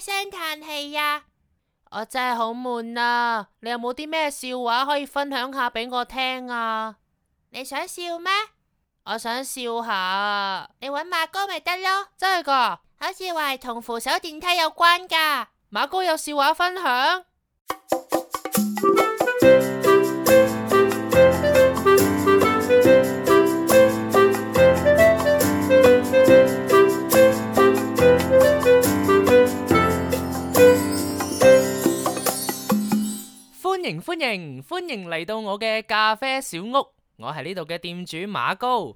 聲嘆氣呀、啊！我真係好悶啊！你有冇啲咩笑話可以分享下俾我聽啊？你想笑咩？我想笑下，你搵馬哥咪得咯！真係的噶，好似話同扶手電梯有關噶。馬哥有笑話分享。歡迎歡迎歡迎嚟到我嘅咖啡小屋，我係呢度嘅店主馬高。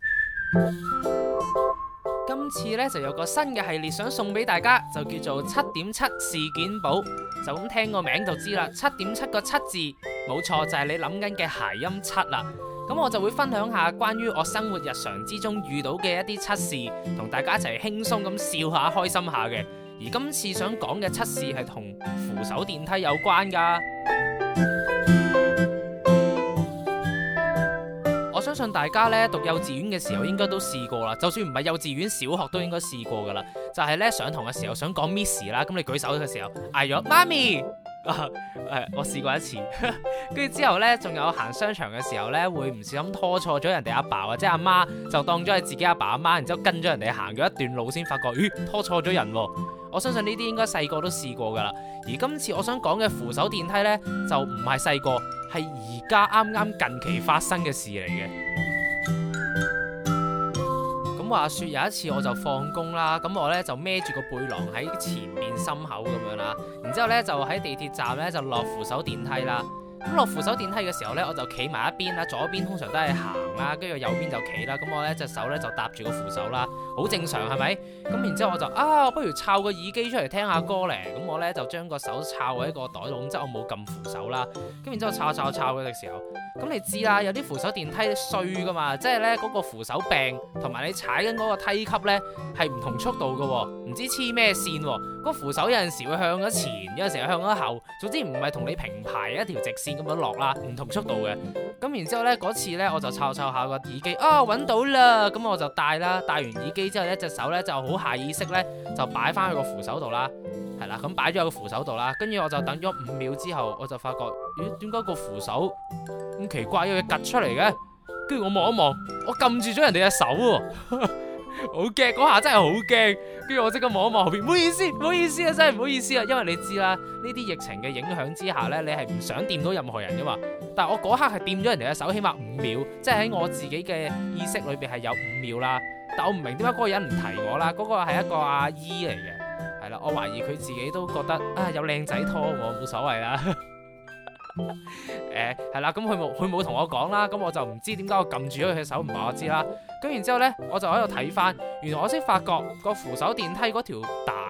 今次呢，就有個新嘅系列，想送俾大家，就叫做「七點七事件簿」。就咁聽個名就知啦，七點七個七字，冇錯就係你諗緊嘅諧音七啦。咁我就會分享下關於我生活日常之中遇到嘅一啲七事，同大家一齊輕鬆咁笑下，開心下嘅。而今次想講嘅七事係同扶手電梯有關噶。相信大家咧讀幼稚園嘅時候應該都試過啦，就算唔係幼稚園，小學都應該試過噶、就是、啦。就係咧上堂嘅時候想講 Miss 啦，咁你舉手嘅時候嗌咗媽咪，誒、啊哎，我試過一次，跟住之後咧仲有,有行商場嘅時候咧會唔小心拖錯咗人哋阿爸,爸或者阿媽,媽，就當咗係自己阿爸阿媽,媽，然之後跟咗人哋行咗一段路先發覺，咦，拖錯咗人囉。我相信呢啲應該細個都試過噶啦。而今次我想講嘅扶手電梯咧就唔係細個。係而家啱啱近期發生嘅事嚟嘅。咁話説有一次我就放工啦，咁我咧就孭住個背囊喺前面心口咁樣啦，然之後咧就喺地鐵站咧就落扶手電梯啦。咁落扶手電梯嘅時候呢，我就企埋一邊啦，左邊通常都係行啦，跟住右邊就企啦。咁我呢隻手呢，就搭住個扶手啦，好正常係咪？咁然之後我就啊，不如摷個耳機出嚟聽下歌咧。咁我呢，就將個手摷喺個袋度，咁即係我冇撳扶手啦。咁然之後摷摷摷嘅時候。咁你知啦，有啲扶手電梯衰噶嘛，即係呢嗰、嗰個扶手柄同埋你踩緊嗰個梯級呢，係唔同速度嘅、哦，唔知黐咩線喎、哦，嗰、嗰個、扶手有陣時會向咗前，有陣時向咗後，總之唔係同你平排一條直線咁樣落啦，唔同速度嘅。咁然之後呢，嗰次呢我就湊湊下個耳機，啊、哦、揾到啦，咁我就戴啦，戴完耳機之後呢，隻手呢就好下意識呢，就擺翻去個扶手度啦。係啦，咁擺咗喺個扶手度啦，跟住我就等咗五秒之後，我就發覺，咦，點解個扶手咁奇怪嘅嘢，夾出嚟嘅？跟住我望一望，我撳住咗人哋嘅手喎，好驚。嗰下真係好驚。跟住我即刻望一望後邊，唔好意思，唔好意思啊，真係唔好意思啊，因為你知啦，呢啲疫情嘅影響之下咧，你係唔想掂到任何人噶嘛。但係我嗰刻係掂咗人哋嘅手，起碼五秒，即係喺我自己嘅意識裏邊係有五秒啦。但係我唔明點解嗰個人唔提我啦，嗰個係一個阿姨嚟嘅。我懷疑佢自己都覺得，啊、哎、有靚仔拖我冇所謂啦。誒係啦，咁佢冇佢冇同我講啦，咁我就唔知點解我撳住咗佢手唔話我知啦，咁然之後呢，我就喺度睇翻，原來我先發覺個扶手電梯嗰條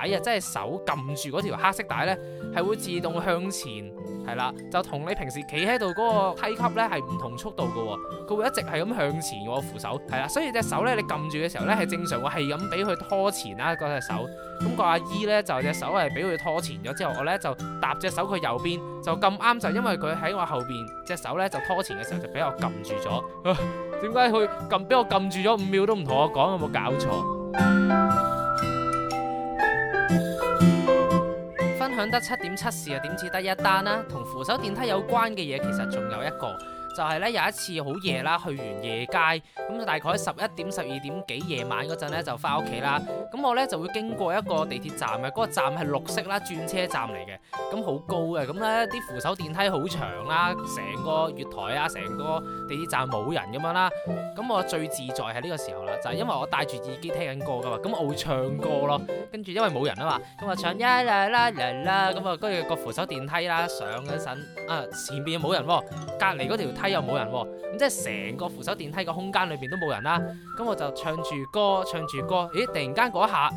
哎，即係手撳住嗰條黑色帶呢，係會自動向前，係啦，就同你平時企喺度嗰個梯級呢，係唔同速度噶，佢會一直係咁向前。我扶手係啦，所以隻手呢，你撳住嘅時候呢，係正常，我係咁俾佢拖前啦。個隻手，咁個阿姨呢，就隻手係俾佢拖前咗之後，我呢，就搭隻手佢右邊，就咁啱就因為佢喺我後邊，隻手呢，就拖前嘅時候就俾我撳住咗。點解佢撳俾我撳住咗五秒都唔同我講？有冇搞錯？得七點七事又點止得一單啦、啊？同扶手電梯有關嘅嘢其實仲有一個。就係咧，有一次好夜啦，去完夜街，咁大概十一點十二點幾夜晚嗰陣咧，就翻屋企啦。咁我咧就會經過一個地鐵站啊、嗰個站係綠色啦，轉車站嚟嘅，咁好高嘅，咁咧啲扶手電梯好長啦，成個月台啊，成個地鐵站冇人咁樣啦。咁我最自在係呢個時候啦，就係、是、因為我戴住耳機聽緊歌噶嘛，咁我會唱歌咯。跟住因為冇人啊嘛，咁啊唱咿啦啦啦啦，咁啊跟住個扶手電梯啦上嗰陣，啊前邊冇人喎，隔離條。梯又冇人喎、啊，咁即係成個扶手電梯個空間裏邊都冇人啦、啊。咁我就唱住歌，唱住歌，咦？突然間嗰下，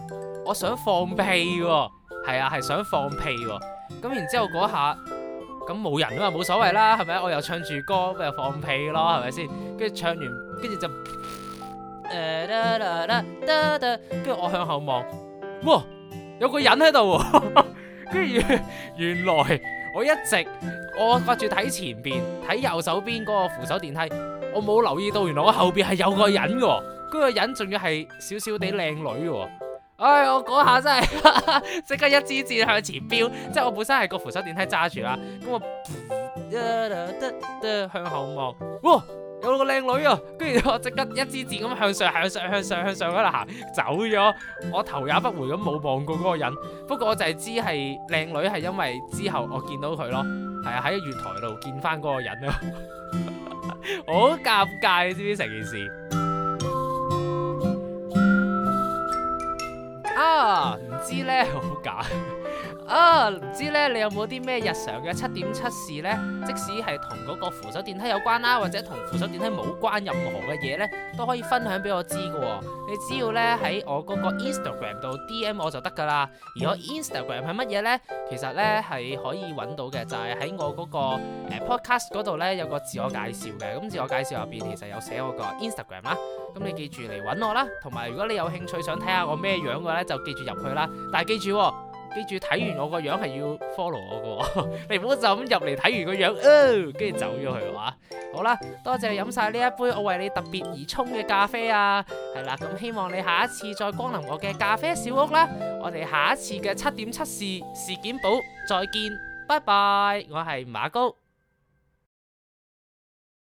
我想放屁喎，係啊，係、啊、想放屁喎、啊。咁然之後嗰下，咁冇人啊嘛，冇所謂啦、啊，係咪？我又唱住歌，咪又放屁咯，係咪先？跟住唱完，跟住就，誒，跟住我向後望，哇，有個人喺度、啊，跟 住原來。我一直我掛住睇前邊，睇右手邊嗰個扶手電梯，我冇留意到原來我後邊係有個人嘅，嗰、嗰個人仲要係少少哋靚女嘅，唉、哎、我嗰下真係即 刻一支箭向前飆，即係我本身係個扶手電梯揸住啦，咁我向後望，哇！有個靚女啊，跟住我即刻一支箭咁向上向上向上向上嗰度行，走咗，我頭也不回咁冇望過嗰個人。不過我就係知係靚女係因為之後我見到佢咯，係啊，喺月台度見翻嗰個人啊，我好 尷尬，你知唔知成件事？啊，唔知咧，好假。啊，唔知咧，你有冇啲咩日常嘅七點七事呢？即使係同嗰個扶手電梯有關啦，或者同扶手電梯冇關任何嘅嘢呢，都可以分享俾我知㗎喎。你只要呢喺我嗰個 Instagram 度 DM 我就得噶啦。而我 Instagram 係乜嘢呢？其實呢係可以揾到嘅，就係、是、喺我嗰個誒 Podcast 嗰度呢，有個自我介紹嘅。咁自我介紹入邊其實有寫我個 Instagram 啦。咁你記住嚟揾我啦。同埋如果你有興趣想睇下我咩樣嘅呢，就記住入去啦。但係記住喎。記住睇完我個樣係要 follow 我嘅。 你唔好就咁入嚟睇完個樣，跟住走咗去吓。好啦，多謝你飲晒呢一杯我為你特別而沖嘅咖啡啊，係啦，咁希望你下一次再光臨我嘅咖啡小屋啦。我哋下一次嘅七點七事事件簿再見，拜拜，我係馬高。